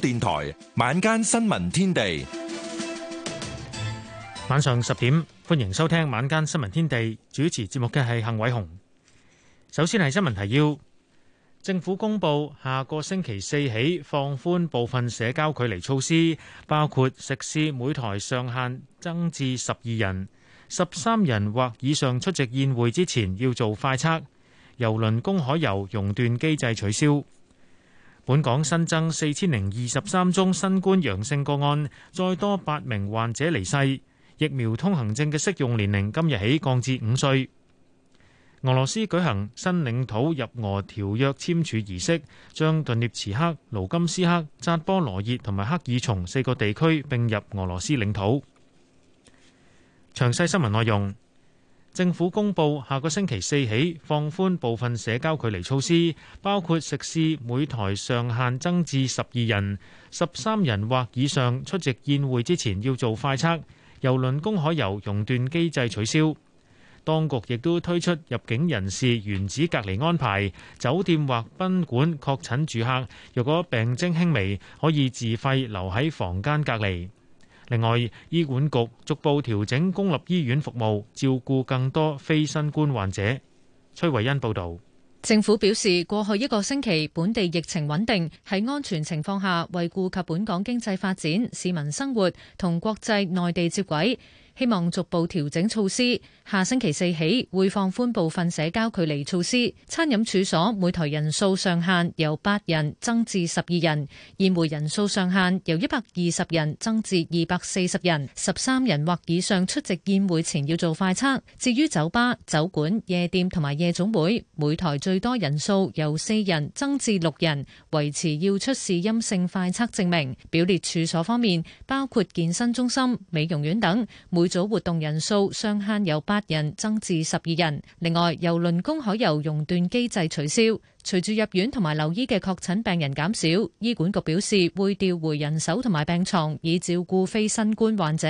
電台晚間新聞天地，晚上十點，歡迎收聽晚間新聞天地。主持節目嘅係幸偉雄。首先係新聞提要：政府公布下個星期四起放寬部分社交距離措施，包括食肆每台上限增至十二人、十三人或以上出席宴會之前要做快測、郵輪公海遊熔斷機制取消。本港新增四千零二十三宗新冠陽性個案，再多八名患者離世。疫苗通行證嘅適用年齡今日起降至五歲。俄羅斯舉行新領土入俄條約簽署儀式，將頓涅茨克、盧甘斯克、扎波羅熱同埋克爾松四個地區併入俄羅斯領土。詳細新聞內容。政府公布下個星期四起放寬部分社交距離措施，包括食肆每台上限增至十二人，十三人或以上出席宴會之前要做快測，郵輪公海遊熔斷機制取消，當局亦都推出入境人士原址隔離安排。酒店或賓館確診住客若果病徵輕微，可以自費留喺房間隔離。另外，醫管局逐步調整公立醫院服務，照顧更多非新冠患者。崔慧恩報道，政府表示，過去一個星期本地疫情穩定，喺安全情況下，為顧及本港經濟發展、市民生活同國際內地接軌。希望逐步調整措施，下星期四起會放寬部分社交距離措施。餐飲處所每台人數上限由八人增至十二人，宴會人數上限由一百二十人增至二百四十人。十三人或以上出席宴會前要做快測，至於酒吧、酒館夜店同埋夜總會每台最多人數由四人增至六人，維持要出示陰性快測證明。表列處所方面，包括健身中心、美容院等，每組活動人數上限由八人增至十二人，另外郵輪公海遊熔斷機制取消。隨住入院同埋留醫嘅確診病人減少，醫管局表示會調回人手同埋病床以照顧非新冠患者。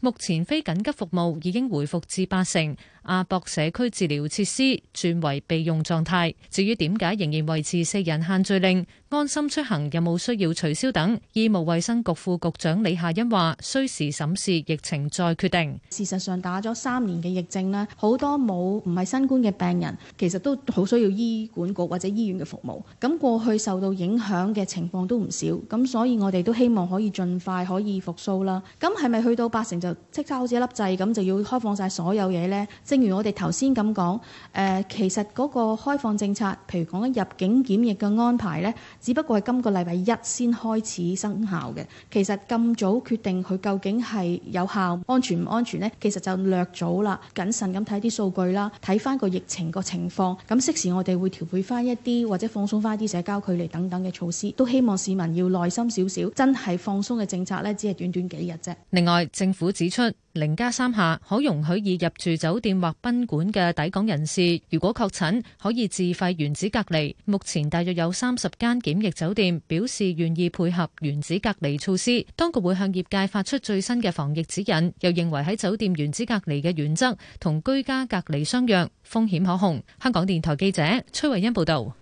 目前非緊急服務已經回復至八成，亞博社區治療設施轉為備用狀態。至於點解仍然維持四人限聚令，安心出行有冇需要取消等，醫務衛生局副，副局長李夏欣話：需時審視疫情再決定。事實上打咗三年嘅疫症咧，好多冇唔係新冠嘅病人，其實都好需要醫管局或者。醫院嘅服務，咁過去受到影響嘅情況都唔少，咁所以我哋都希望可以盡快可以復甦啦。咁係咪去到八成就即刻好似一粒掣咁就要開放晒所有嘢呢？正如我哋頭先咁講，誒、呃、其實嗰個開放政策，譬如講緊入境檢疫嘅安排呢，只不過係今個禮拜一先開始生效嘅。其實咁早決定佢究竟係有效、安全唔安全呢？其實就略早啦。謹慎咁睇啲數據啦，睇翻個疫情個情況，咁適時我哋會調配翻一。或者放鬆翻啲社交距離等等嘅措施，都希望市民要耐心少少，真係放鬆嘅政策呢，只係短短幾日啫。另外，政府指出，零加三下可容許已入住酒店或賓館嘅抵港人士，如果確診，可以自費原址隔離。目前大約有三十間檢疫酒店表示願意配合原址隔離措施。當局會向業界發出最新嘅防疫指引，又認為喺酒店原址隔離嘅原則同居家隔離相若，風險可控。香港電台記者崔慧欣報道。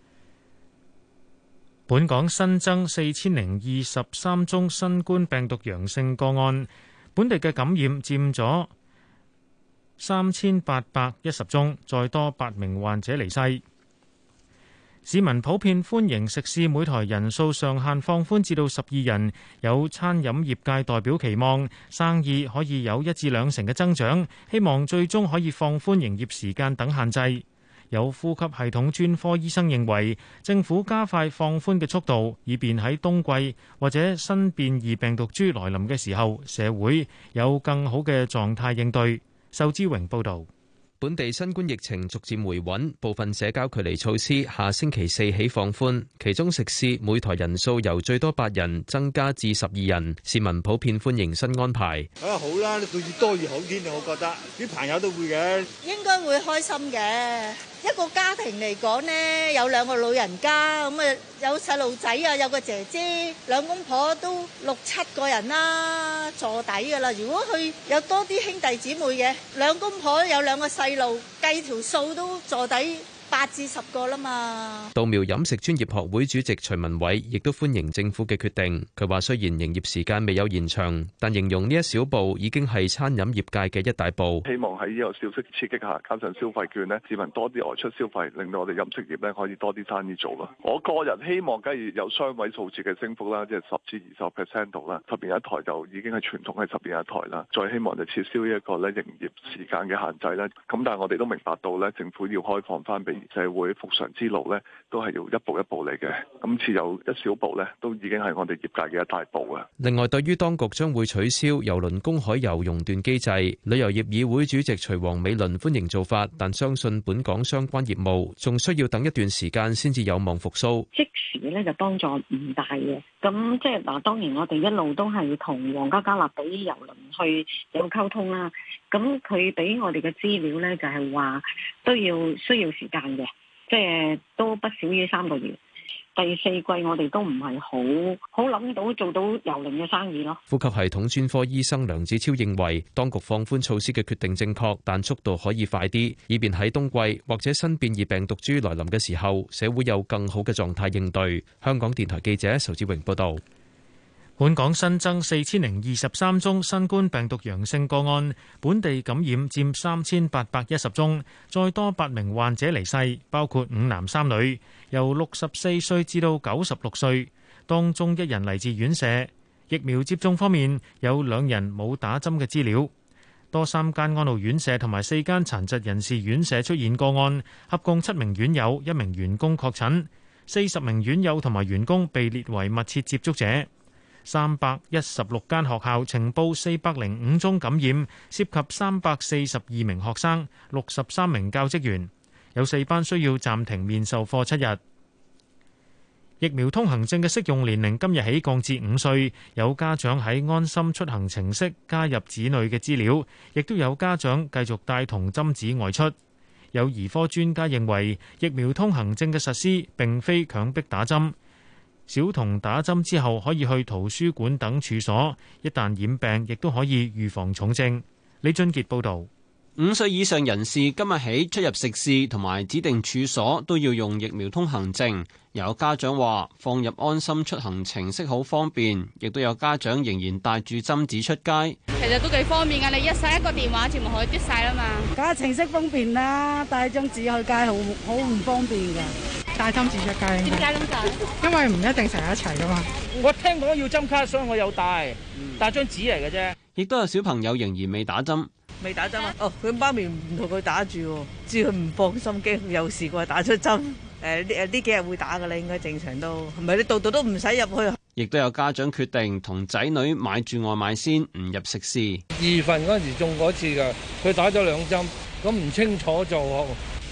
本港新增四千零二十三宗新冠病毒陽性個案，本地嘅感染佔咗三千八百一十宗，再多八名患者離世。市民普遍歡迎食肆每台人數上限放寬至到十二人，有餐飲業界代表期望生意可以有一至兩成嘅增長，希望最終可以放寬營業時間等限制。有呼吸系統專科醫生認為，政府加快放寬嘅速度，以便喺冬季或者新變異病毒株來臨嘅時候，社會有更好嘅狀態應對。仇之榮報道，本地新冠疫情逐漸回穩，部分社交距離措施下星期四起放寬，其中食肆每台人數由最多八人增加至十二人，市民普遍歡迎新安排。啊好啦，你越多越好添，我覺得啲朋友都會嘅，應該會開心嘅。一個家庭嚟講呢，有兩個老人家咁啊，有細路仔啊，有個姐姐，兩公婆都六七個人啦，坐底噶啦。如果佢有多啲兄弟姊妹嘅，兩公婆有兩個細路，計條數都坐底。八至十個啦嘛。稻苗飲食專業學會主席徐文偉亦都歡迎政府嘅決定。佢話雖然營業時間未有延長，但形容呢一小步已經係餐飲業界嘅一大步。希望喺呢個消息刺激下，加上消費券呢，市民多啲外出消費，令到我哋飲食業呢可以多啲生意做咯。我個人希望，假如有雙位數字嘅升幅啦，即係十至二十 percent 度啦。十邊一台就已經係傳統係十邊一台啦。再希望就撤銷呢一個咧營業時間嘅限制啦。咁但係我哋都明白到咧，政府要開放翻俾。社會復常之路咧，都係要一步一步嚟嘅。今次有一小步咧，都已經係我哋業界嘅一大步啦。另外，對於當局將會取消郵輪公海遊熔斷機制，旅遊業議會主席徐王美倫歡迎做法，但相信本港相關業務仲需要等一段時間先至有望復甦。即時咧就幫助唔大嘅，咁即係嗱，當然我哋一路都係同皇家加勒比郵輪去有溝通啦。咁佢俾我哋嘅資料呢，就係話都要需要時間嘅，即係都不少於三個月。第四季我哋都唔係好好諗到做到遊輪嘅生意咯。呼吸系統專科醫生梁子超認為，當局放寬措施嘅決定正確，但速度可以快啲，以便喺冬季或者新變異病毒株來臨嘅時候，社會有更好嘅狀態應對。香港電台記者仇志榮報導。本港新增四千零二十三宗新冠病毒陽性個案，本地感染佔三千八百一十宗，再多八名患者離世，包括五男三女，由六十四歲至到九十六歲，當中一人嚟自院舍。疫苗接種方面，有兩人冇打針嘅資料。多三間安老院舍同埋四間殘疾人士院舍出現個案，合共七名院友、一名員工確診，四十名院友同埋員工被列為密切接觸者。三百一十六間學校呈報四百零五宗感染，涉及三百四十二名學生、六十三名教職員，有四班需要暫停面授課七日。疫苗通行證嘅適用年齡今日起降至五歲，有家長喺安心出行程式加入子女嘅資料，亦都有家長繼續帶同針紙外出。有兒科專家認為，疫苗通行證嘅實施並非強迫打針。小童打針之後可以去圖書館等處所，一旦染病亦都可以預防重症。李俊傑報導，五歲以上人士今日起出入食肆同埋指定處所都要用疫苗通行證。有家長話放入安心出行程式好方便，亦都有家長仍然帶住針紙出街。其實都幾方便㗎，你一打一個電話全部可以篤晒啦嘛，梗係程式方便啦，帶張紙去街好好唔方便㗎。帶針紙出街？點解咁噶？因為唔一定成日一齊噶嘛。 我聽講要針卡，所以我有帶，帶張紙嚟嘅啫。亦都有小朋友仍然未打針，未打針啊？哦，佢媽咪唔同佢打住，知佢唔放心機，驚有事話打出針。誒、呃、誒，呢幾日會打嘅咧，你應該正常都。唔係你度度都唔使入去。亦都有家長決定同仔女買住外賣先，唔入食肆。二月份嗰陣時中嗰次噶，佢打咗兩針，咁唔清楚做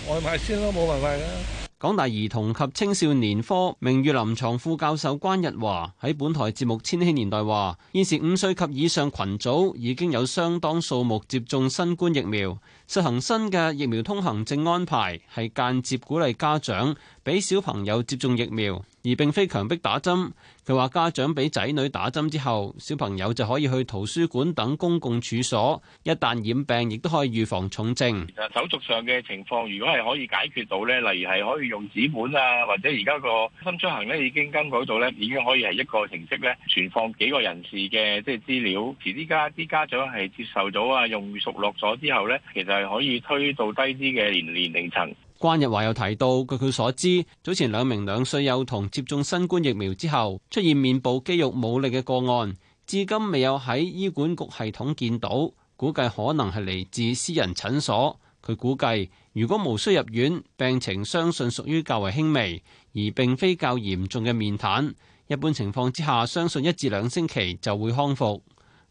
外賣先咯，冇辦法啦。港大兒童及青少年科名譽臨床副教授關日華喺本台節目《千禧年代》話：現時五歲及以上群組已經有相當數目接種新冠疫苗，實行新嘅疫苗通行證安排，係間接鼓勵家長俾小朋友接種疫苗，而並非強迫打針。佢話：家長俾仔女打針之後，小朋友就可以去圖書館等公共處所。一旦染病，亦都可以預防重症。手續上嘅情況，如果係可以解決到咧，例如係可以用紙本啊，或者而家個安心出行咧已經更改到咧，已經可以係一個程式咧存放幾個人士嘅即係資料。遲啲家啲家長係接受咗啊，用熟落咗之後咧，其實係可以推到低啲嘅年年齡層。關日華又提到，據佢所知，早前兩名兩歲幼童接種新冠疫苗之後出現面部肌肉冇力嘅個案，至今未有喺醫管局系統見到，估計可能係嚟自私人診所。佢估計，如果無需入院，病情相信屬於較為輕微，而並非較嚴重嘅面癱。一般情況之下，相信一至兩星期就會康復。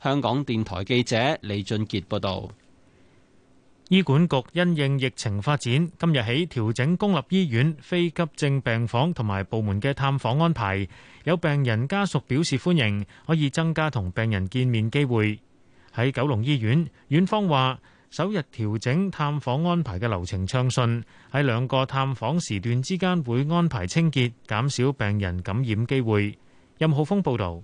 香港電台記者李俊傑報道。醫管局因應疫情發展，今日起調整公立醫院非急症病房同埋部門嘅探訪安排。有病人家屬表示歡迎，可以增加同病人見面機會。喺九龍醫院，院方話首日調整探訪安排嘅流程暢順，喺兩個探訪時段之間會安排清潔，減少病人感染機會。任浩峰報道。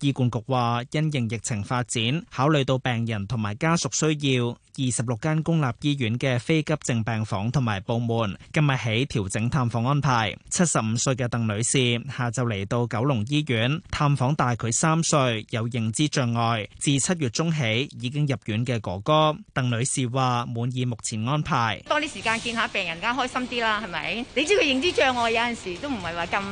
醫管局話，因應疫情發展，考慮到病人同埋家屬需要，二十六間公立醫院嘅非急症病房同埋部門，今日起調整探訪安排。七十五歲嘅鄧女士下晝嚟到九龍醫院探訪，大佢三歲有認知障礙，自七月中起已經入院嘅哥哥。鄧女士話滿意目前安排，多啲時間見下病人，梗係開心啲啦，係咪？你知佢認知障礙，有陣時都唔係話咁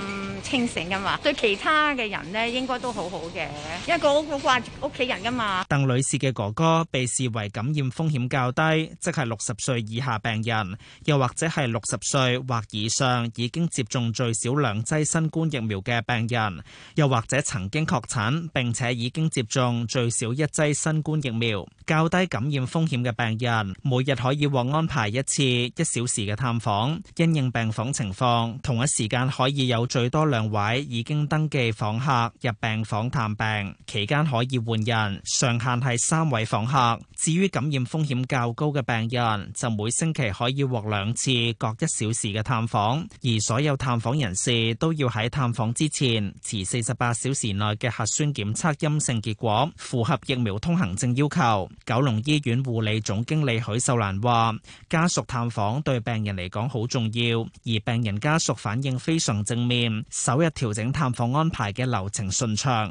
清醒噶嘛，對其他嘅人呢，應該都好好。嘅，一個好掛住屋企人噶嘛。鄧女士嘅哥哥被視為感染風險較低，即係六十歲以下病人，又或者係六十歲或以上已經接種最少兩劑新冠疫苗嘅病人，又或者曾經確診並且已經接種最少一劑新冠疫苗，較低感染風險嘅病人，每日可以獲安排一次一小時嘅探訪，因應病房情況，同一時間可以有最多兩位已經登記訪客入病房探。探病期間可以換人，上限係三位訪客。至於感染風險較高嘅病人，就每星期可以獲兩次各一小時嘅探訪，而所有探訪人士都要喺探訪之前持四十八小時內嘅核酸檢測陰性結果，符合疫苗通行證要求。九龍醫院護理總經理許秀蘭話，家屬探訪對病人嚟講好重要，而病人家屬反應非常正面。首日調整探訪安排嘅流程順暢。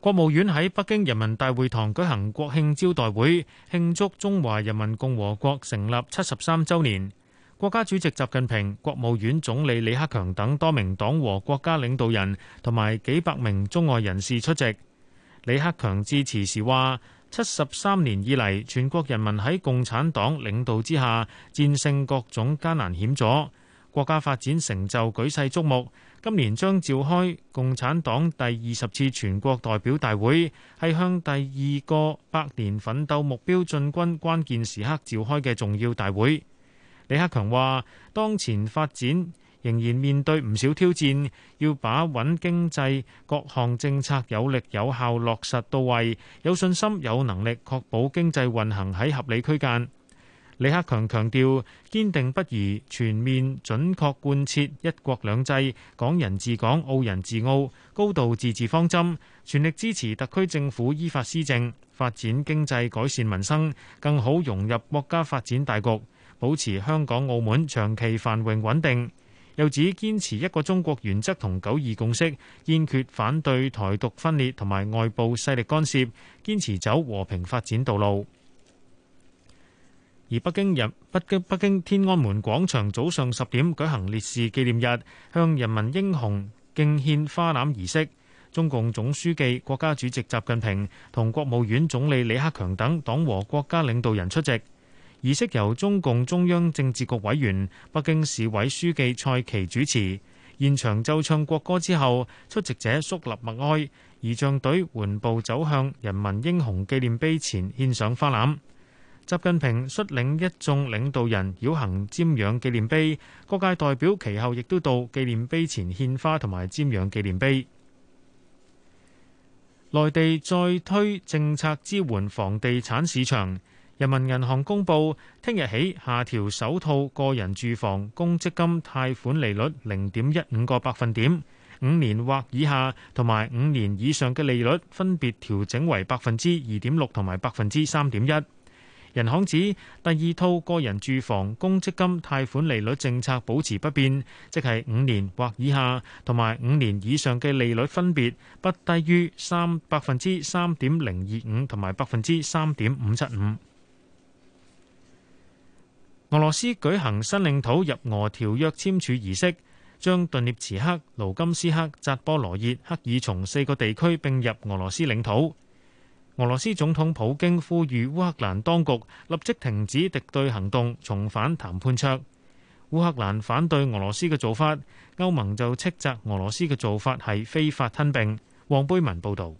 國務院喺北京人民大會堂舉行國慶招待會，慶祝中華人民共和國成立七十三周年。國家主席習近平、國務院總理李克強等多名黨和國家領導人同埋幾百名中外人士出席。李克強致辭時話：七十三年以嚟，全國人民喺共產黨領導之下，戰勝各種艱難險阻，國家發展成就舉世矚目。今年將召開共產黨第二十次全國代表大會，係向第二個百年奮鬥目標進軍關鍵時刻召開嘅重要大會。李克強話，當前發展仍然面對唔少挑戰，要把穩經濟各項政策有力有效落實到位，有信心有能力確保經濟運行喺合理區間。李克強強調，堅定不移全面準確貫徹一國兩制、港人治港、澳人治澳、高度自治方針，全力支持特區政府依法施政、發展經濟、改善民生，更好融入國家發展大局，保持香港、澳門長期繁榮穩定。又指堅持一個中國原則同九二共識，堅決反對台獨分裂同埋外部勢力干涉，堅持走和平發展道路。而北京日北京北京天安門廣場早上十點舉行烈士紀念日，向人民英雄敬獻花籃儀式。中共總書記、國家主席習近平同國務院總理李克強等黨和國家領導人出席。儀式由中共中央政治局委員、北京市委書記蔡奇主持。現場奏唱國歌之後，出席者肅立默哀，儀仗隊緩步走向人民英雄紀念碑前，獻上花籃。習近平率領一眾領導人繞行瞻仰紀念碑，各界代表其後亦都到紀念碑前獻花同埋瞻仰紀念碑。內地再推政策支援房地產市場，人民銀行公布聽日起下調首套個人住房公積金貸款利率零點一五個百分點，五年或以下同埋五年以上嘅利率分別調整為百分之二點六同埋百分之三點一。人行指第二套個人住房公積金貸款利率政策保持不變，即係五年或以下同埋五年以上嘅利率分別不低於三百分之三點零二五同埋百分之三點五七五。俄羅斯舉行新領土入俄條約簽署儀式，將頓涅茨克、盧甘斯克、扎波羅熱、克爾松四個地區並入俄羅斯領土。俄羅斯總統普京呼籲烏克蘭當局立即停止敵對行動，重返談判桌。烏克蘭反對俄羅斯嘅做法，歐盟就斥責俄羅斯嘅做法係非法吞併。黃貝文報道，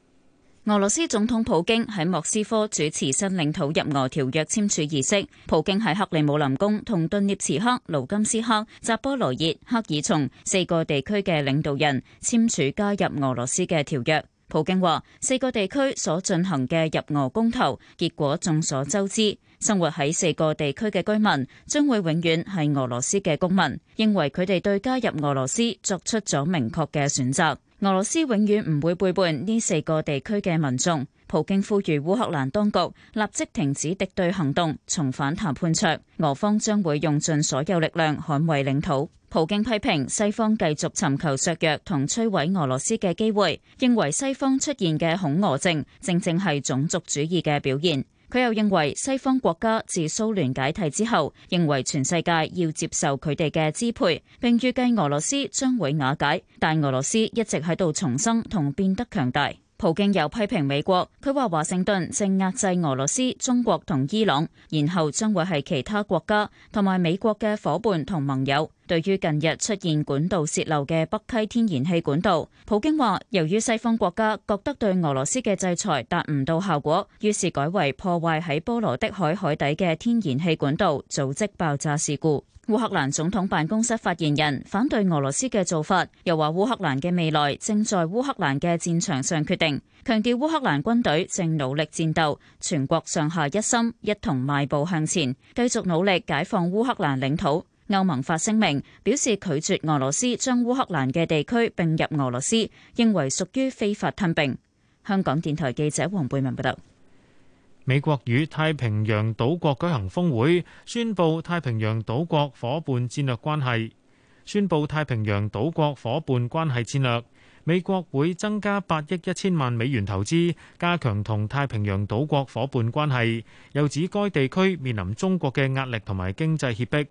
俄羅斯總統普京喺莫斯科主持新領土入俄條約簽署儀式。普京喺克里姆林宮同頓涅茨克、盧甘斯克、扎波羅熱、克爾松四個地區嘅領導人簽署加入俄羅斯嘅條約。普京話：四個地區所進行嘅入俄公投結果眾所周知，生活喺四個地區嘅居民將會永遠係俄羅斯嘅公民，認為佢哋對加入俄羅斯作出咗明確嘅選擇。俄羅斯永遠唔會背叛呢四個地區嘅民眾。普京呼籲烏克蘭當局立即停止敵對行動，重返談判桌。俄方將會用盡所有力量捍衛領土。普京批評西方繼續尋求削弱同摧毀俄羅斯嘅機會，認為西方出現嘅恐俄症正正係種族主義嘅表現。佢又認為西方國家自蘇聯解體之後，認為全世界要接受佢哋嘅支配，並預計俄羅斯將會瓦解，但俄羅斯一直喺度重生同變得強大。普京又批評美國，佢話華盛頓正壓制俄羅斯、中國同伊朗，然後將會係其他國家同埋美國嘅夥伴同盟友。對於近日出現管道泄漏嘅北溪天然氣管道，普京話：由於西方國家覺得對俄羅斯嘅制裁達唔到效果，於是改為破壞喺波羅的海海底嘅天然氣管道，組織爆炸事故。烏克蘭總統辦公室發言人反對俄羅斯嘅做法，又話：烏克蘭嘅未來正在烏克蘭嘅戰場上決定，強調烏克蘭軍隊正努力戰鬥，全國上下一心，一同邁步向前，繼續努力解放烏克蘭領土。歐盟發聲明表示，拒絕俄羅斯將烏克蘭嘅地區併入俄羅斯，認為屬於非法吞併。香港電台記者黃貝文報道。美國與太平洋島國舉行峰會，宣佈太平洋島國伙伴戰略關係，宣佈太平洋島國伙伴關係戰略。美國會增加八億一千萬美元投資，加強同太平洋島國伙伴關係。又指該地區面臨中國嘅壓力同埋經濟脅迫。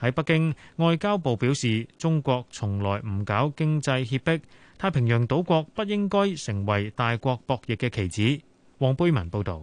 喺北京，外交部表示，中國從來唔搞經濟脅迫，太平洋島國不應該成為大國博弈嘅棋子。黃貝文報道。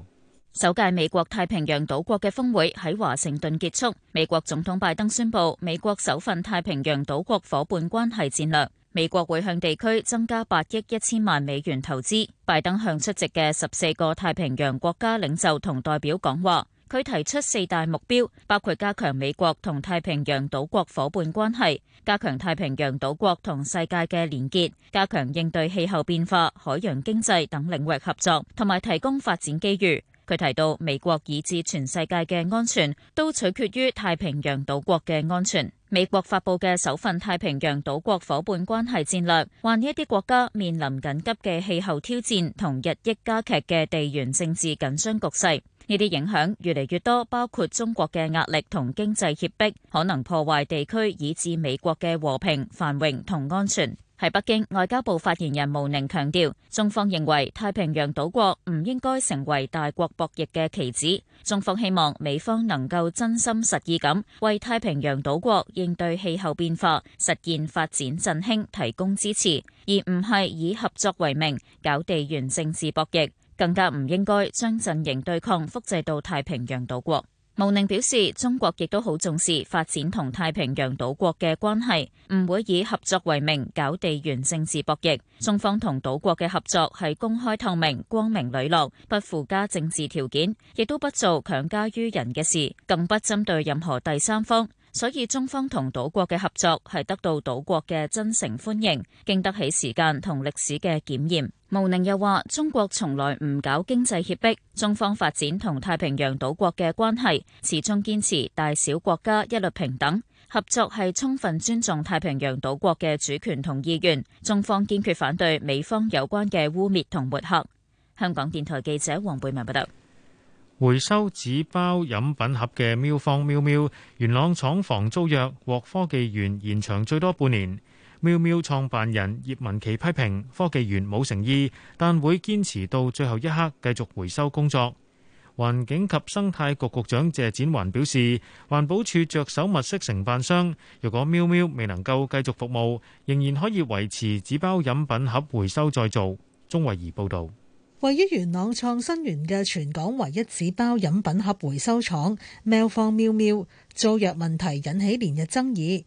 首屆美國太平洋島國嘅峰會喺華盛頓結束，美國總統拜登宣布美國首份太平洋島國伙伴關係戰略，美國會向地區增加八億一千萬美元投資，拜登向出席嘅十四個太平洋國家領袖同代表講話。佢提出四大目標，包括加強美國同太平洋島國伙伴關係，加強太平洋島國同世界嘅連結，加強應對氣候變化、海洋經濟等領域合作，同埋提供發展機遇。佢提到，美國以至全世界嘅安全都取決於太平洋島國嘅安全。美國發佈嘅首份太平洋島國伙伴關係戰略，話呢一啲國家面臨緊急嘅氣候挑戰同日益加劇嘅地緣政治緊張局勢。呢啲影響越嚟越多，包括中國嘅壓力同經濟脅迫，可能破壞地區以至美國嘅和平繁榮同安全。喺北京，外交部發言人毛寧強調，中方認為太平洋島國唔應該成為大國博弈嘅棋子。中方希望美方能夠真心實意咁為太平洋島國應對氣候變化、實現發展振興提供支持，而唔係以合作為名搞地緣政治博弈。更加唔應該將陣營對抗複製到太平洋島國。毛寧表示，中國亦都好重視發展同太平洋島國嘅關係，唔會以合作為名搞地緣政治博弈。中方同島國嘅合作係公開透明、光明磊落，不附加政治條件，亦都不做強加於人嘅事，更不針對任何第三方。所以中方同島國嘅合作係得到島國嘅真誠歡迎，經得起時間同歷史嘅檢驗。毛寧又話：中國從來唔搞經濟脅迫，中方發展同太平洋島國嘅關係，始終堅持大小國家一律平等，合作係充分尊重太平洋島國嘅主權同意願。中方堅決反對美方有關嘅污蔑同抹黑。香港電台記者黃貝文報道。回收紙包飲品盒嘅喵方喵喵元朗廠房租約獲科技園延長最多半年。喵喵創辦人葉文琪批評科技園冇誠意，但會堅持到最後一刻繼續回收工作。環境及生態局局長謝展寰表示，環保署着手物色承辦商，若果喵喵未能夠繼續服務，仍然可以維持紙包飲品盒回收再做。鍾慧儀報導。位於元朗創新園嘅全港唯一紙包飲品盒回收廠喵坊 Mil Mill 租約問題引起連日爭議，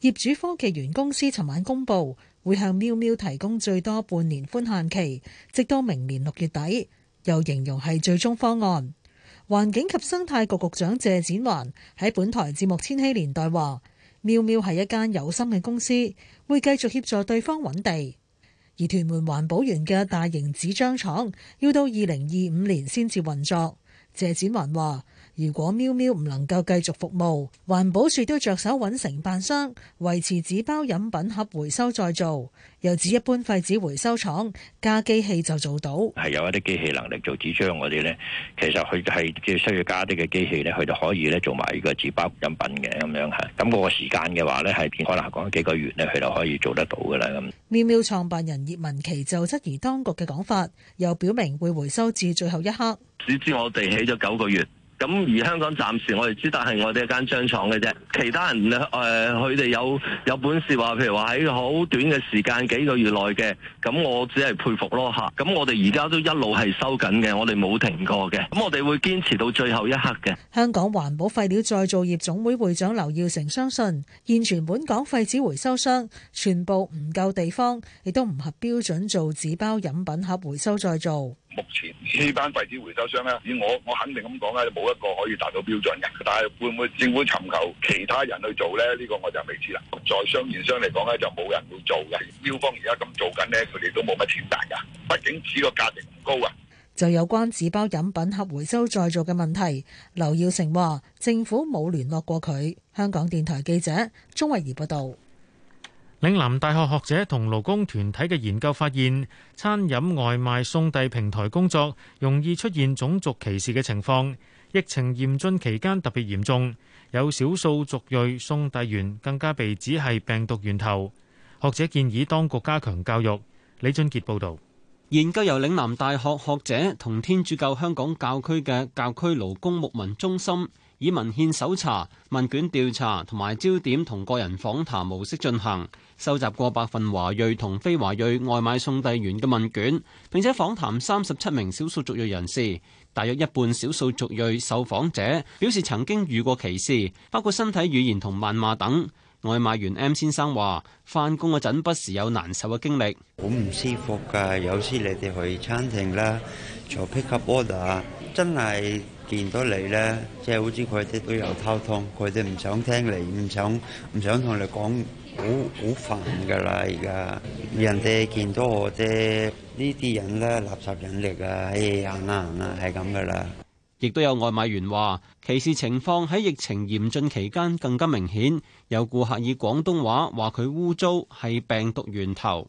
業主科技園公司尋晚公布，會向 Mil Mill 提供最多半年寬限期，直到明年六月底，又形容係最終方案。環境及生態局局長謝展寰喺本台節目《千禧年代》話：Mil Mill 係一間有心嘅公司，會繼續協助對方搵地。而屯門環保園嘅大型紙張廠要到二零二五年先至運作，謝展環話。如果喵喵唔能夠繼續服務，環保署都着手揾承辦商維持紙包飲品盒回收再造，又指一般廢紙回收廠加機器就做到。係有一啲機器能力做紙張嗰啲咧，其實佢係即係需要加啲嘅機器咧，佢就可以咧做埋呢個紙包飲品嘅咁樣吓。咁、那、嗰個時間嘅話咧，係可能講幾個月咧，佢就可以做得到噶啦。咁喵喵創辦人葉文琪就質疑當局嘅講法，又表明會回收至最後一刻。只知我哋起咗九個月。咁而香港暫時我哋知道係我哋一間張廠嘅啫。其他人誒，佢哋，呃，有有本事話譬如話喺好短嘅時間幾個月內嘅，咁我只係佩服咯吓，咁我哋而家都一路係收緊嘅，我哋冇停過嘅。咁我哋會堅持到最後一刻嘅。香港環保廢料再造業總會會長劉耀成相信，現存本港廢紙回收商全部唔夠地方，亦都唔合標準做紙包飲品盒回收再造。目前呢班廢紙回收商咧，以我我肯定咁講，啦，冇一個可以達到標準嘅。但係會唔會政府尋求其他人去做咧？呢個我就未知啦。在商言商嚟講，咧，就冇人會做嘅。標方而家咁做緊，呢佢哋都冇乜錢賺噶，畢竟紙個價值唔高啊。就有關紙包飲品盒回收再造嘅問題，劉耀成話政府冇聯絡過佢。香港電台記者鍾慧儀報道。嶺南大學學者同勞工團體嘅研究發現，餐飲外賣送遞平台工作容易出現種族歧視嘅情況，疫情嚴峻期間特別嚴重。有少數族裔送遞員更加被指係病毒源頭。學者建議當局加強教育。李俊杰報道。研究由嶺南大學學者同天主教香港教區嘅教區勞工牧民中心以文獻搜查、問卷調查同埋焦點同個人訪談模式進行，收集過百份華裔同非華裔外賣送遞員嘅問卷，並且訪談三十七名少數族裔人士，大約一半少數族裔受訪者表示曾經遇過歧視，包括身體語言同謾罵等。外賣員 M 先生話：翻工嗰陣不時有難受嘅經歷，好唔舒服㗎，有時你哋去餐廳啦，做 pick up order，真係。見到你咧，即係好似佢哋都有溝通，佢哋唔想聽你，唔想唔想同你講，好好煩㗎啦！而家人哋見到我啫，呢啲人咧垃圾人嚟啊！哎呀呀，係咁噶啦。亦都有外賣員話，歧視情況喺疫情嚴峻期間更加明顯，有顧客以廣東話話佢污糟係病毒源頭。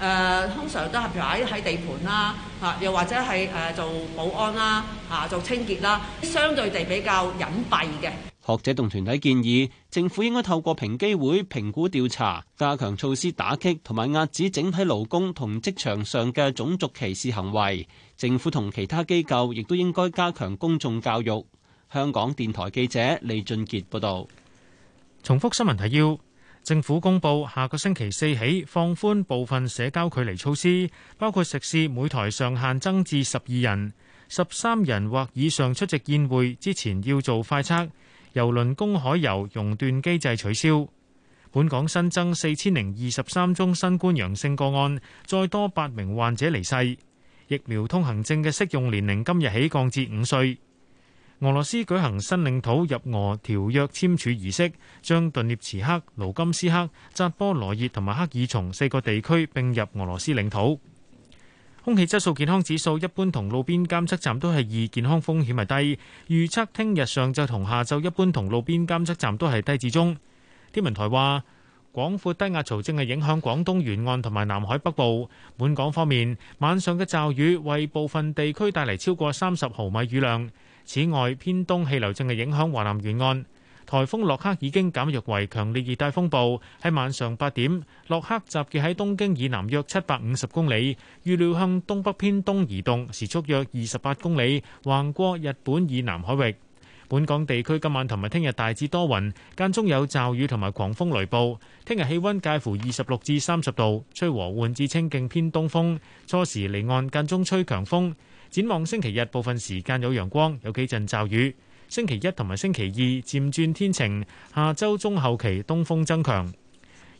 誒通常都係譬如喺地盤啦，嚇又或者係誒做保安啦，嚇做清潔啦，相對地比較隱蔽嘅。學者同團體建議，政府應該透過平機會評估調查，加強措施打擊同埋壓止整體勞工同職場上嘅種族歧視行為。政府同其他機構亦都應該加強公眾教育。香港電台記者李俊傑報道。重複新聞提要。政府公布，下個星期四起放寬部分社交距離措施，包括食肆每台上限增至十二人，十三人或以上出席宴會之前要做快測，郵輪公海遊熔斷機制取消。本港新增四千零二十三宗新冠陽性個案，再多八名患者離世。疫苗通行證嘅適用年齡今日起降至五歲。俄羅斯舉行新領土入俄條約簽署儀式，將頓涅茨克、盧甘斯克、扎波羅熱同埋克爾松四個地區併入俄羅斯領土。空氣質素健康指數一般同路邊監測站都係二，健康風險係低。預測聽日上晝同下晝一般同路邊監測站都係低至中。天文台話，廣闊低壓槽正係影響廣東沿岸同埋南海北部。本港方面，晚上嘅驟雨為部分地區帶嚟超過三十毫米雨量。此外，偏東氣流正係影響華南沿岸。颱風洛克已經減弱為強烈熱帶風暴。喺晚上八點，洛克集結喺東京以南約七百五十公里，預料向東北偏東移動，時速約二十八公里，橫過日本以南海域。本港地區今晚同埋聽日大致多雲，間中有驟雨同埋狂風雷暴。聽日氣温介乎二十六至三十度，吹和緩至清勁偏東風，初時離岸，間中吹強風。展望星期日部分時間有陽光，有幾陣驟雨。星期一同埋星期二漸轉天晴。下周中後期東風增強。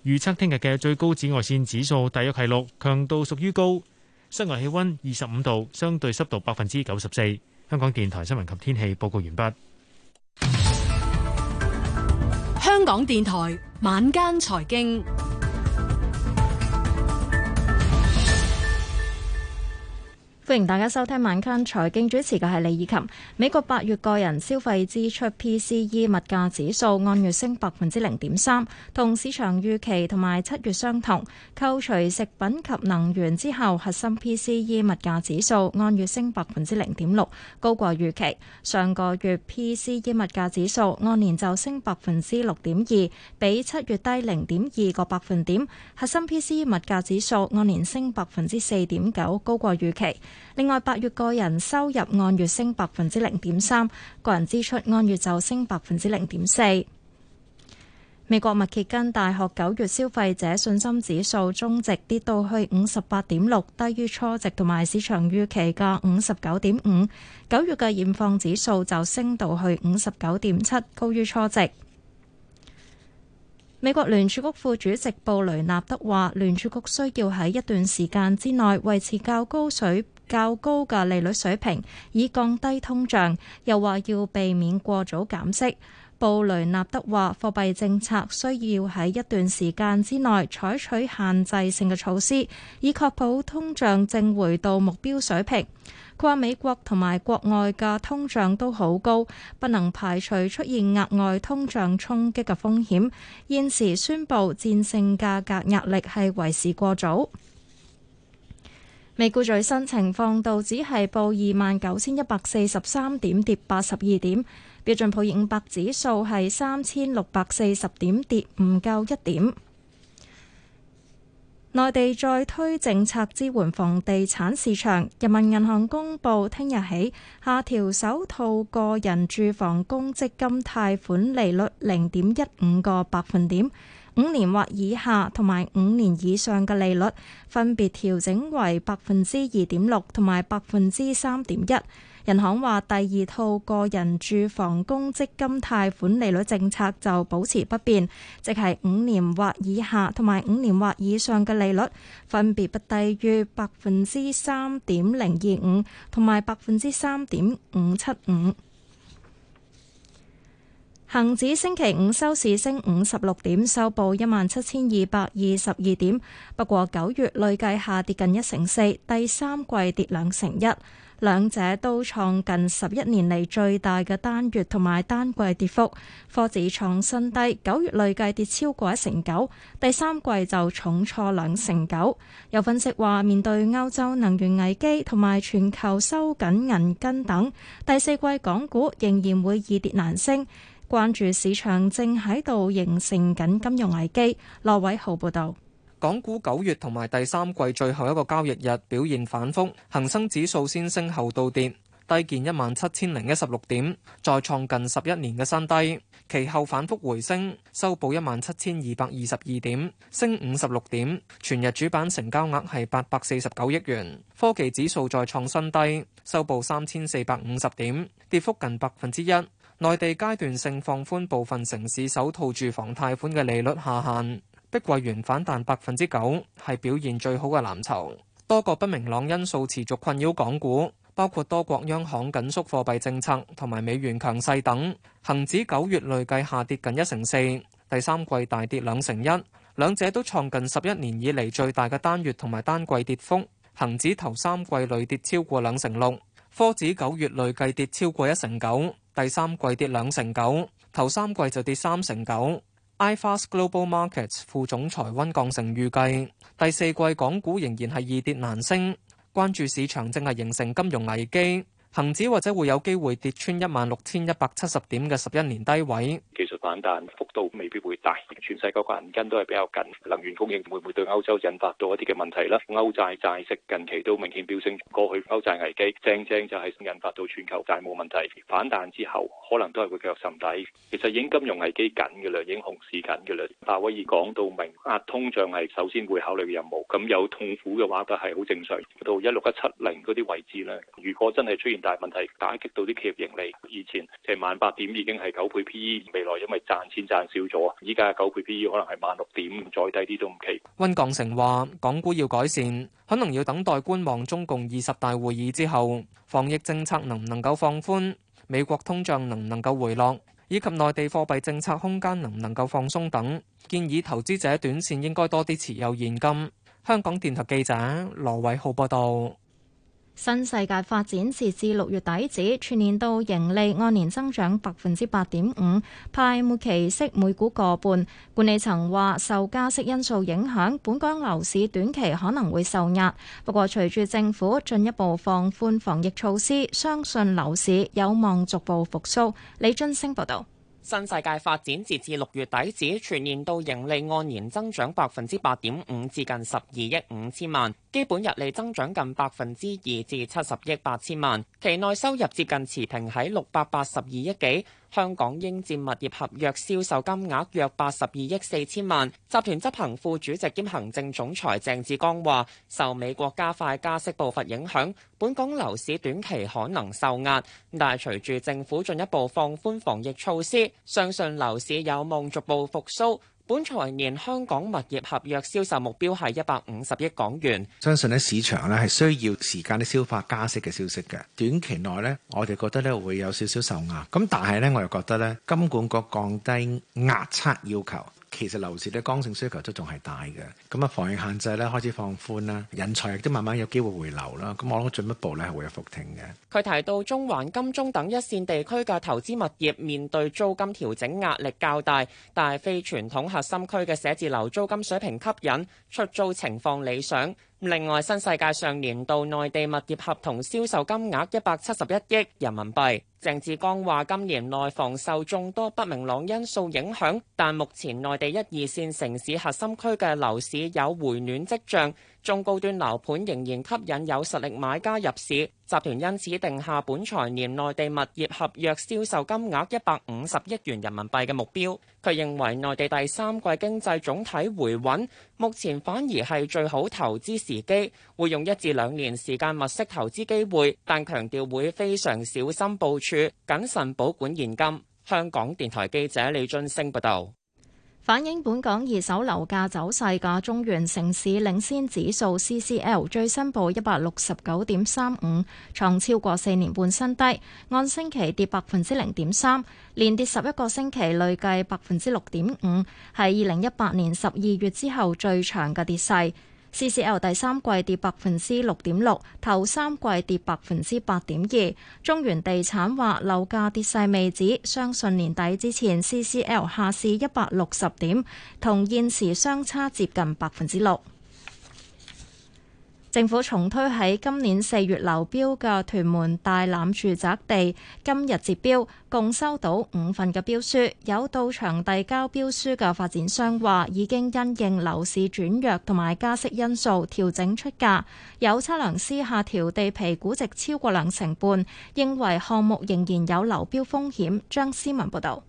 預測聽日嘅最高紫外線指數大約係六，強度屬於高。室外氣温二十五度，相對濕度百分之九十四。香港電台新聞及天氣報告完畢。香港電台晚間財經。歡迎大家收聽《晚間財經》，主持嘅係李以琴。美國八月個人消費支出 （PCE） 物價指數按月升百分之零點三，同市場預期同埋七月相同。扣除食品及能源之後，核心 PCE 物價指數按月升百分之零點六，高過預期。上個月 PCE 物價指數按年就升百分之六點二，比七月低零點二個百分點。核心 PCE 物價指數按年升百分之四點九，高過預期。另外，八月個人收入按月升百分之零點三，個人支出按月就升百分之零點四。美國密歇根大學九月消費者信心指數終值跌到去五十八點六，低於初值同埋市場預期嘅五十九點五。九月嘅現況指數就升到去五十九點七，高於初值。美國聯儲局副主席布雷納德話，聯儲局需要喺一段時間之內維持較高水。較高嘅利率水平，以降低通脹，又話要避免過早減息。布雷納德話，貨幣政策需要喺一段時間之內採取限制性嘅措施，以確保通脹正回到目標水平。佢話美國同埋國外嘅通脹都好高，不能排除出現額外通脹衝擊嘅風險。現時宣布戰勝價格壓力係為時過早。美股最新情況，道指係報二萬九千一百四十三點，跌八十二點；標準普爾五百指數係三千六百四十點，跌唔夠一點。內地再推政策支援房地產市場，人民銀行公佈，聽日起下調首套個人住房公積金貸款利率零點一五個百分點。五年或以下同埋五年以上嘅利率分別調整為百分之二點六同埋百分之三點一。人行話，第二套個人住房公積金貸款利率政策就保持不變，即係五年或以下同埋五年或以上嘅利率分別不低於百分之三點零二五同埋百分之三點五七五。恆指星期五收市升五十六點，收報一萬七千二百二十二點。不過九月累計下跌近一成四，第三季跌兩成一，兩者都創近十一年嚟，最大嘅單月同埋單季跌幅。科指創新低，九月累計跌超過一成九，第三季就重挫兩成九。有分析話，面對歐洲能源危機同埋全球收緊銀根等，第四季港股仍然會易跌難升。關注市場正喺度形成緊金融危機。羅偉浩報道：港股九月同埋第三季最後一個交易日表現反覆，恒生指數先升後倒跌，低見一萬七千零一十六點，再創近十一年嘅新低。其後反復回升，收報一萬七千二百二十二點，升五十六點。全日主板成交額係八百四十九億元。科技指數再創新低，收報三千四百五十點，跌幅近百分之一。內地階段性放寬部分城市首套住房貸款嘅利率下限，碧桂園反彈百分之九，係表現最好嘅藍籌。多個不明朗因素持續困擾港股，包括多國央行緊縮貨幣政策同埋美元強勢等。恒指九月累計下跌近一成四，第三季大跌兩成一，兩者都創近十一年以嚟最大嘅單月同埋單季跌幅。恒指頭三季累跌超過兩成六。科指九月累計跌超過一成九，第三季跌兩成九，頭三季就跌三成九。iFast Global Markets 副總裁温鋼成預計第四季港股仍然係易跌難升，關注市場正係形成金融危機，恒指或者會有機會跌穿一萬六千一百七十點嘅十一年低位。反彈幅度未必會大，全世界個銀根都係比較緊，能源供應會唔會對歐洲引發到一啲嘅問題啦？歐債債息近期都明顯飆升，過去歐債危機正正就係引發到全球債務問題。反彈之後可能都係會繼續沉底。其實已經金融危機緊嘅啦，已經紅市緊嘅啦。鮑威爾講到明，壓通脹係首先會考慮嘅任務。咁有痛苦嘅話，都係好正常。到一六一七零嗰啲位置咧，如果真係出現大問題，打擊到啲企業盈利，以前成萬八點已經係九倍 P/E，未來因為賺錢賺少咗，依家九倍 P/E 可能係萬六點，再低啲都唔奇。溫鋼城話：港股要改善，可能要等待觀望中共二十大會議之後，防疫政策能唔能夠放寬，美國通脹能唔能夠回落，以及內地貨幣政策空間能唔能夠放鬆等。建議投資者短線應該多啲持有現金。香港電台記者羅偉浩報道。新世界發展截至六月底止，全年度盈利按年增長百分之八點五，派末期息每股個半。管理層話，受加息因素影響，本港樓市短期可能會受壓，不過隨住政府進一步放寬防疫措施，相信樓市有望逐步復蘇。李俊升報道。新世界發展截至六月底止，全年度盈利按年增長百分之八點五至近十二億五千萬；基本日利增長近百分之二至七十億八千萬。期內收入接近持平，喺六百八十二億幾。香港英佔物業合約銷售金額約八十二億四千萬。集團執行副主席兼行政總裁鄭志剛話，受美國加快加息步伐影響，本港樓市短期可能受壓，但係隨住政府進一步放寬防疫措施，相信樓市有望逐步復蘇。本財年香港物業合約銷售目標係一百五十億港元，相信咧市場咧係需要時間咧消化加息嘅消息嘅。短期內咧，我哋覺得咧會有少少受壓，咁但係咧，我又覺得咧金管局降低壓測要求。其實樓市咧剛性需求都仲係大嘅，咁啊防疫限制咧開始放寬啦，人才亦都慢慢有機會回流啦，咁我諗進一步咧係會有復興嘅。佢提到中環、金鐘等一線地區嘅投資物業面對租金調整壓力較大，但係非傳統核心區嘅寫字樓租金水平吸引，出租情況理想。另外，新世界上年度內地物業合同銷售金額一百七十一億人民幣。鄭志剛話，今年內房受眾多不明朗因素影響，但目前內地一二線城市核心區嘅樓市有回暖跡象。中高端樓盤仍然吸引有實力買家入市，集團因此定下本財年內地物業合約銷售金額一百五十億元人民幣嘅目標。佢認為內地第三季經濟總體回穩，目前反而係最好投資時機，會用一至兩年時間物色投資機會，但強調會非常小心部署、謹慎保管現金。香港電台記者李俊升報道。反映本港二手樓價走勢嘅中原城市領先指數 （CCL） 最新報一百六十九點三五，創超過四年半新低，按星期跌百分之零點三，連跌十一個星期累計，累計百分之六點五，係二零一八年十二月之後最長嘅跌勢。CCL 第三季跌百分之六點六，頭三季跌百分之八點二。中原地產話，樓價跌勢未止，相信年底之前 CCL 下試一百六十點，同現時相差接近百分之六。政府重推喺今年四月流標嘅屯門大欖住宅地，今日截標，共收到五份嘅標書。有到場遞交標書嘅發展商話，已經因應樓市轉弱同埋加息因素調整出價。有測量師下調地皮估值，超過兩成半，認為項目仍然有流標風險。張思文報道，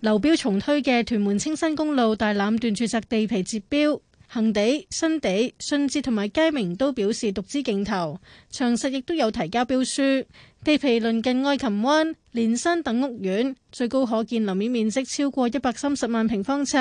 流標重推嘅屯門青山公路大欖段住宅地皮截標。恒地、新地、信捷同埋佳明都表示獨資競投，長實亦都有提交標書。地皮鄰近愛琴灣、連山等屋苑，最高可見樓面面積超過一百三十萬平方尺。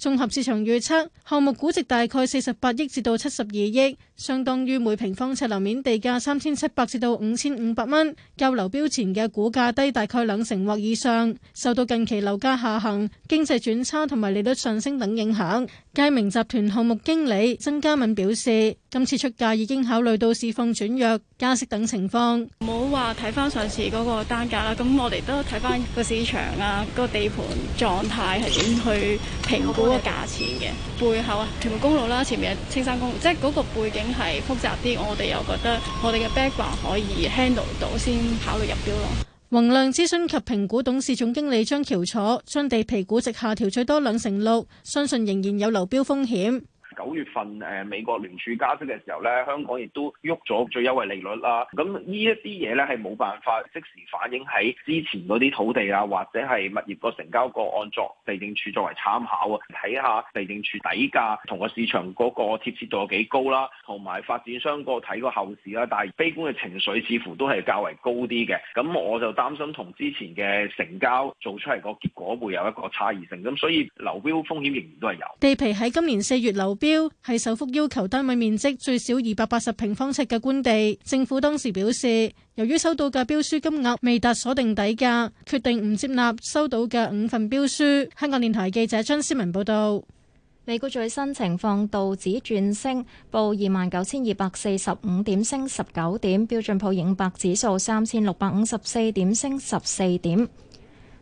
綜合市場預測，項目估值大概四十八億至到七十二億，相當於每平方尺樓面地價三千七百至到五千五百蚊，較流標前嘅估價低大概兩成或以上。受到近期樓價下行、經濟轉差同埋利率上升等影響，佳明集團項目經理曾嘉敏表示：今次出價已經考慮到市況轉弱、加息等情況，冇好話睇返上次嗰個單價啦。咁我哋都睇翻個市場啊，個地盤狀態係點去評估個價錢嘅背後啊，屯門公路啦、啊，前面啊青山公路，即係嗰個背景係複雜啲，我哋又覺得我哋嘅 background 可以 handle 到先考慮入標咯。宏亮諮詢及評估董事總經理張橋楚將地皮估值下調最多兩成六，相信仍然有流標風險。九月份誒美國聯儲加息嘅時候咧，香港亦都喐咗最優惠利率啦。咁呢一啲嘢咧係冇辦法即時反映喺之前嗰啲土地啊，或者係物業個成交個案作地政處作為參考啊，睇下地政處底價同個市場嗰個貼切度有幾高啦，同埋發展商嗰個睇個後市啦。但係悲觀嘅情緒似乎都係較為高啲嘅。咁我就擔心同之前嘅成交做出嚟個結果會有一個差異性。咁所以流標風險仍然都係有。地皮喺今年四月流標。標係首幅要求單位面積最少二百八十平方尺嘅官地。政府當時表示，由於收到嘅標書金額未達鎖定底價，決定唔接納收到嘅五份標書。香港電台記者張思文報道。美股最新情況道指轉升，報二萬九千二百四十五點，升十九點。標準普爾五百指數三千六百五十四點，升十四點。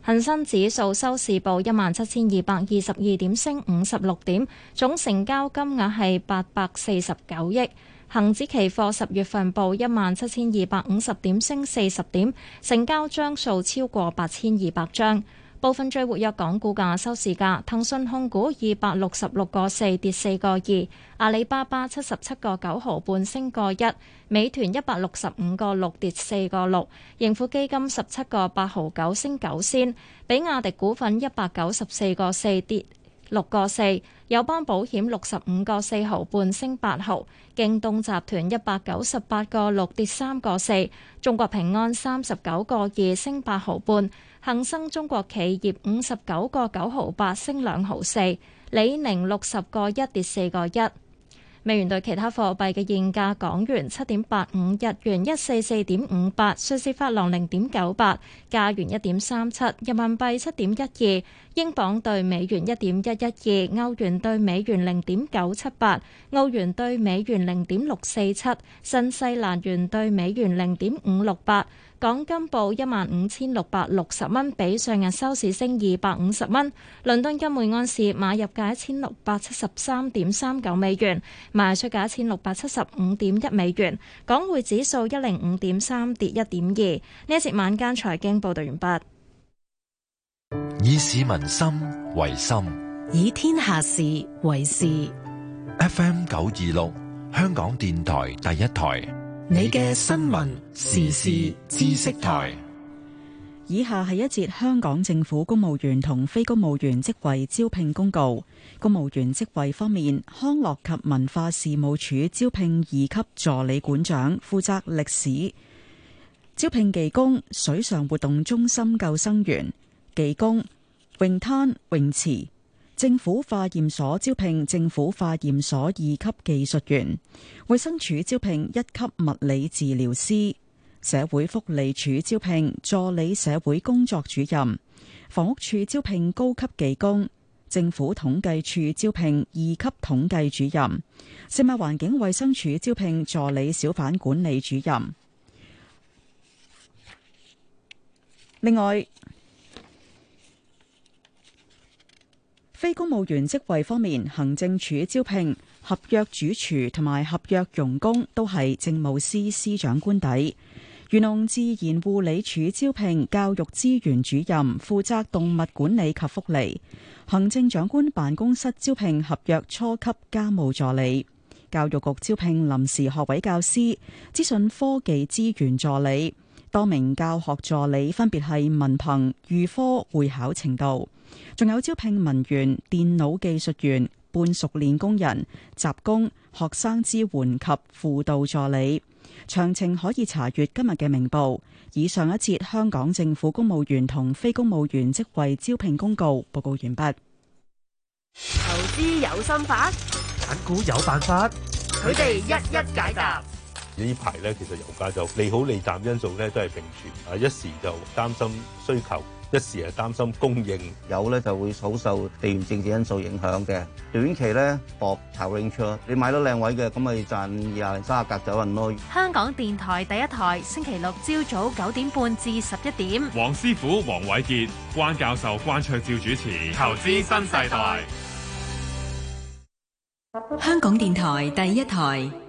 恒生指數收市報一萬七千二百二十二點，升五十六點，總成交金額係八百四十九億。恒指期貨十月份報一萬七千二百五十點，升四十點，成交張數超過八千二百張。部分最活躍港股價收市價，騰訊控股二百六十六個四跌四個二，阿里巴巴七十七個九毫半升個一，美團一百六十五個六跌四個六，盈富基金十七個八毫九升九仙，比亞迪股份一百九十四個四跌六個四。友邦保險六十五個四毫半升八毫，京東集團一百九十八個六跌三個四，中國平安三十九個二升八毫半，恒生中國企業五十九個九毫八升兩毫四，李寧六十個一跌四個一。美元兌其他貨幣嘅現價：港元七點八五，日元一四四點五八，瑞士法郎零點九八，加元一點三七，人民幣七點一二，英鎊對美元一點一一二，歐元對美元零點九七八，澳元對美元零點六四七，新西蘭元對美元零點五六八。港金報一萬五千六百六十蚊，比上日收市升二百五十蚊。倫敦金每安士買入價一千六百七十三點三九美元，賣出價一千六百七十五點一美元。港匯指數一零五點三，跌一點二。呢一節晚間財經報道完畢。以市民心為心，以天下事為事。FM 九二六，香港電台第一台。你嘅新聞時事知識台，以下係一節香港政府公務員同非公務員職位招聘公告。公務員職位方面，康樂及文化事務署招聘二級助理館長，負責歷史。招聘技工、水上活動中心救生員、技工、泳灘泳池。政府化驗所招聘政府化驗所二級技術員，衛生署招聘一級物理治療師，社會福利署招聘助理社會工作主任，房屋署招聘高級技工，政府統計處招聘二級統計主任，食物環境衛生署招聘助理小販管理主任。另外。非公務員職位方面，行政署招聘合約主廚同埋合約傭工都係政務司司長官邸。漁農自然護理署招聘教育資源主任，負責動物管理及福利。行政長官辦公室招聘合約初級家務助理。教育局招聘臨時學位教師、資訊科技資源助理。多名教學助理分別係文憑、預科、會考程度。仲有招聘文員、電腦技術員、半熟練工人、雜工、學生支援及輔導助理。詳情可以查閱今日嘅明報。以上一節香港政府公務員同非公務員職位招聘公告。報告完畢。投資有心法，炒股有辦法，佢哋一一解答。呢排咧，其實油價就利好利淡因素咧都係並存，啊一時就擔心需求。一時係擔心供應有咧就會好受，受地緣政治因素影響嘅短期咧搏炒 l i 你買到靚位嘅，咁咪賺廿零三十格左右咯。香港電台第一台星期六朝早九點半至十一點，黃師傅黃偉傑、關教授關卓照主持《投資新世代》，香港電台第一台。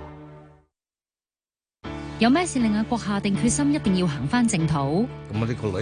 有咩事令阿國下定決心一定要行翻正途？